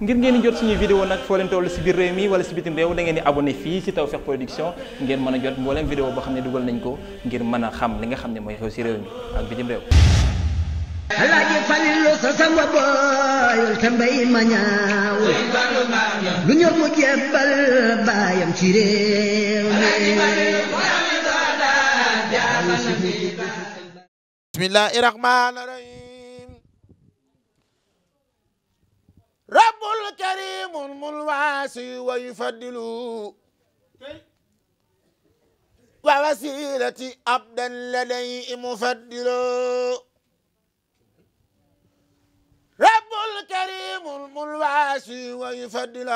ngir ngeen di jot suñuy vidéo nag foo leen si biir réew mi wala si bitim réew da ngeen di abonné fii si Tawfekh Production ngeen mën a jot mbooleem vidéo boo xam ne dugal nañ ko ngir mën a xam li nga xam ne mooy xew si réew mi ak bitim réew alaaji Falilu sa sama booyul te mbay ma ñaaw lu ñor mu jebbal baayam ci réew mi bismillaahi rahmaani rabbul karimul mulwaasi wa yufaddilu wa wasilati abdan ladayhi mufaddilu rabbul karimul mulwaasi wa yufaddilu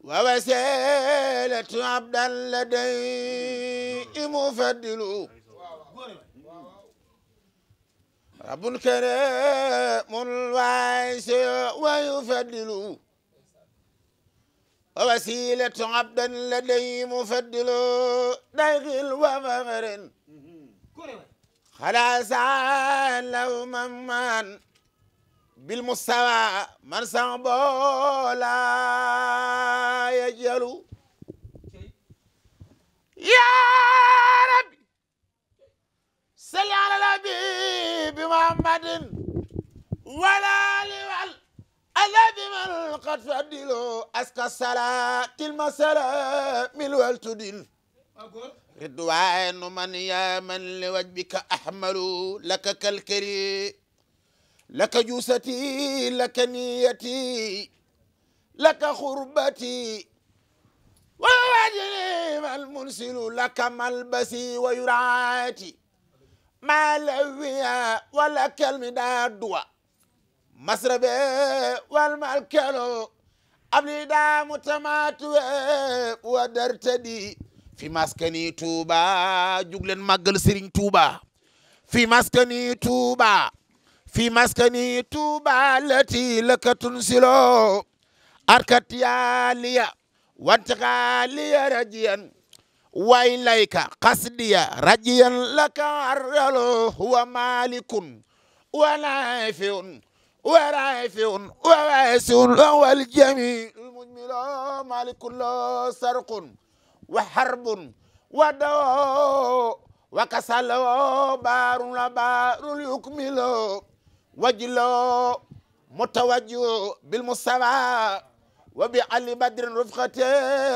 wa wasilati abdan ladayhi mufaddilu رب كريم واسع ويفضل ووسيلة عبدا لديه مفضل داخل ومغر خلاص لو ممن بالمستوى من صعب لا يجلو قد فدلوا أسكى صلاة المسألة من والتدل رضوان من يا من لوجبك أحمل لك كالكري لك جوستي لك نيتي لك خربتي ووجني ما المنسل لك ملبسي ويرعاتي ما لويا ولك المداد مسربي والمالكلو أبلي دام تماتو ودرتدي في مسكني توبا جوغلن ماغل سيرين توبا في مسكني توبا في مسكني توبا التي لك تنسلو أركت يا ليا وانتقى ليا رجيا وإليك قصدي رجيا لك عرلو هو مالك ونافع ورائف وواسع والجميع المجمل مالك له سرق وحرب ودواء وكسل بار لبار يكمل وجل متوجه بالمستوى وبعلي بدر رفقة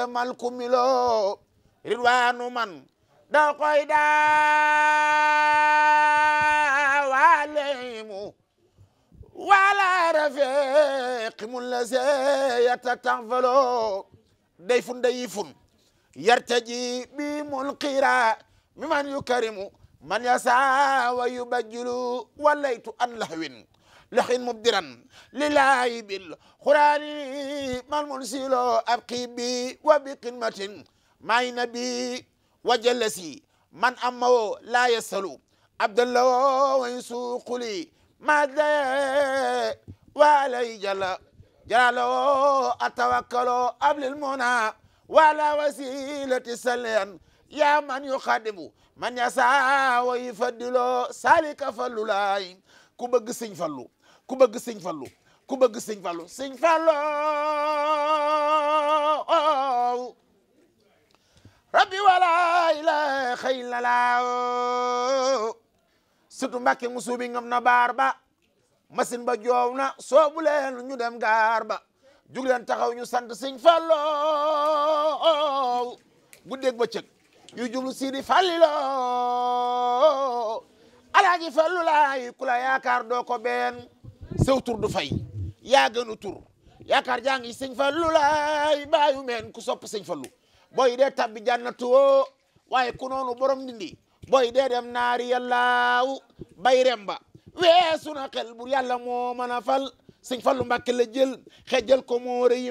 مالك ملو رضوان من دا قيدا وعليمه wala rafiq mun la se yatataxfalo day fun dayi fun yartaji bi mul xira mi man yu karimu man yasa wa yubajjilu walaytu an lahwin laxin mubdiran lilahi bil xuraani man mun silo abqi bi wa bi qimmatin may nabi wa jallasi man amma wo la yasalu abdallah wo wa insuquli مدى وعلي جل جلاله أتوكل قبل المنى وعلى وسيلة سليا يا من يخدم من يسعى ويفضل سالك فلو لاي ku bëgg sëñ fallu ku bëgg sëñ fallu ku bëgg sëñ fallu sëñ fallu oh. rabbi wala ilaha illa laa oh. surtout Mbàkke mu suubi ngam na baar ba machine ba joow na soobu leen ñu dem gaar ba jug leen taxaw ñu sant Sëñ Fallu guddeeg bëccëg yu jublu Sidi Falliloo alaaji Fallu laay ku la yaakaar doo ko benn sew tur du fay yaa gënu tur yaakaar jaa ngi Sëñ Fallu laay baayu meen ku sopp Sëñ Fallu booy dee tabbi jànnatu woo waaye ku noonu borom ndindi boy dee dem naari yàllaaw bay remba weesu na xel bu yàlla moo mën fal sëñ fallu mbàkke la jël xejal ko moore yi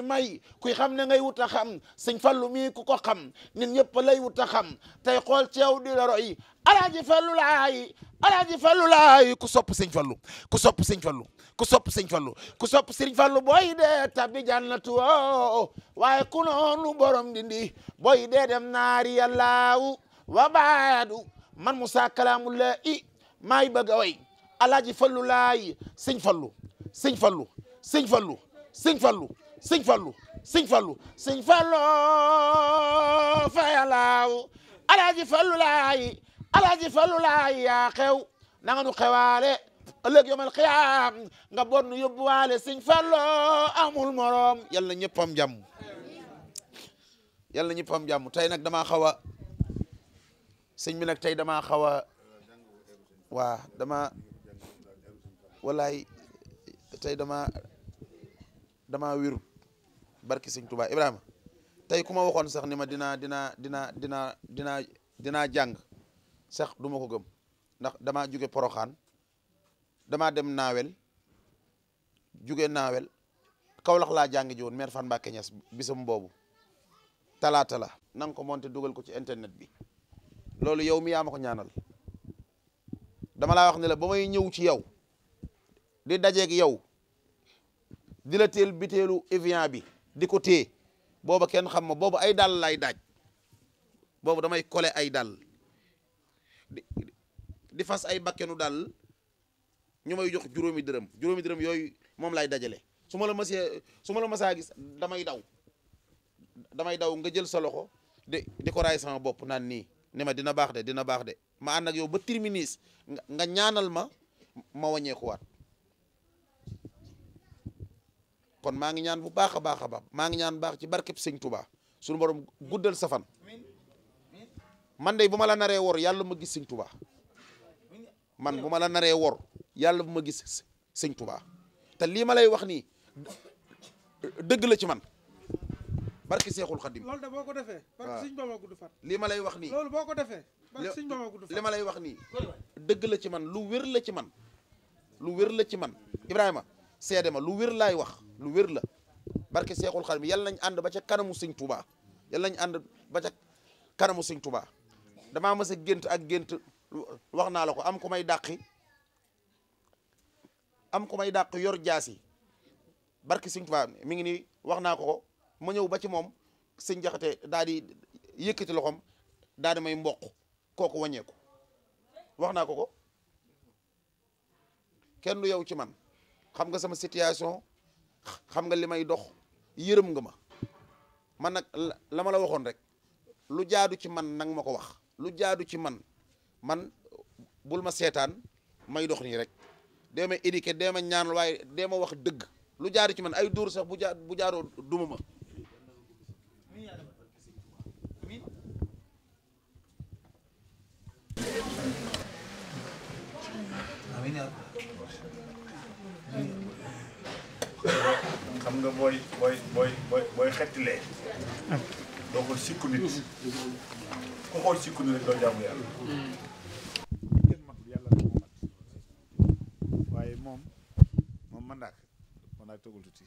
kuy xam ne ngay wut a xam sëñ fallu mii ku ko xam nit ñëpp lay wut a xam tey xool ceew di la roy alaaji fallu laay alaaji fallu laay ku sopp sëñ fallu ku sopp sëñ fallu ku sopp sëñ fallu ku sopp sëñ fallu booy dee tabbi jannatu o waaye ku noonu borom dindi booy dee dem naari yàllaaw wa baadu man Moussa Kalaamullahi maay bëgg a way alaaji fallu laay sëñ fallu sëñ fallu sëñ fallu sëñ fallu sëñ fallu sëñ fallu sëñ fallu fayalaaw alaaji fallu laay alaaji fallu yaa xew na nu xewaale ëllëg yomal xiyaam nga bon nu yóbbuwaale sëñ fallu amul moroom yal na ñëpp am jàmm yal na ñëpp am jàmm tey nag damaa xaw sëñ bi nag tey damaa xaw a waa damaa wallaay tey damaa damaa wéru barki sëñ Touba Ibrahima tey ku ma waxoon sax ni ma dinaa dinaa dinaa dinaa dinaa dinaa jàng sax du ma ko gëm ndax damaa jóge Poroxaan damaa dem nawel jóge naawel Kawlax laa jàngi ji woon maire Fan Mbàkke Ñas bisam boobu talaata la na ko monté dugal ko ci internet bi loolu yow mi yaa ma ko ñaanal dama laa wax ne la ba may ñëw ci yow di dajeeg yow di la teel biteelu Evian bi di ko téye boobu kenn xam ma boobu ay dàll lay daaj boobu damay kole ay dàll di fas ay bakkenu dàll ñu may jox juróomi dërëm juróomi dërëm yooyu moom lay dajale su ma la mësee su ma la mësaa gis damay daw damay daw nga jël sa loxo di di ko raay sama bopp naan nii ne ma dina baax de dina baax de ma ànd yow ba tirminis nga ñaanal ma ma wàññeekuwaat kon maa ngi ñaan bu baax a baax a baax maa ngi ñaan baax ci barkeb sëñ Touba suñu borom guddal sa man de bu ma la naree wor yàlla ma gis sëñ Touba man bu ma la naree wor yàlla bu ma gis sëñ Touba te lii ma lay wax nii dëgg la ci man. barki seexul xadim loolu de boo ko defee barki suñ bama gudd fan lay wax ni loolu boo ko defee suñ bama gudd fan li ma lay wax nii dëgg la ci man lu wér la ci man lu wér la ci man ibrahima seede ma lu wér laay wax lu wér la barki seexul xadim yàlla nañ ànd ba ca kanamu sëñ tubaa yàlla nañ ànd ba ca kanamu sëñ tubaa damaa mës a gént ak gént wax naa la ko am ku may dàqi am ko may dàq yor jaasi barki sëñ tubaa mi ngi nii wax naa ko ma ñëw ba ci moom sëñ jaxate daal di yëkkati loxoom daal may mboq kooku wàññeeku wax naa ko ko kenn lu yow ci man xam nga sama situation xam nga li may dox yërëm nga ma man nag la ma la waxoon rek lu jaadu ci man nang ma ko wax lu jaadu ci man man bul ma seetaan may dox nii rek dee ma éduqué dee ma ñaan waaye dee ma wax dëgg lu jaadu ci man ay dóor sax bu jaa bu jaaroo duma ma amiin xam nga booy booy booy booy booy xettilee doo ko sikku ku xool sikku nit rek doo jaamu yàlla waaye moom moom mandaak mandaak togul tuuti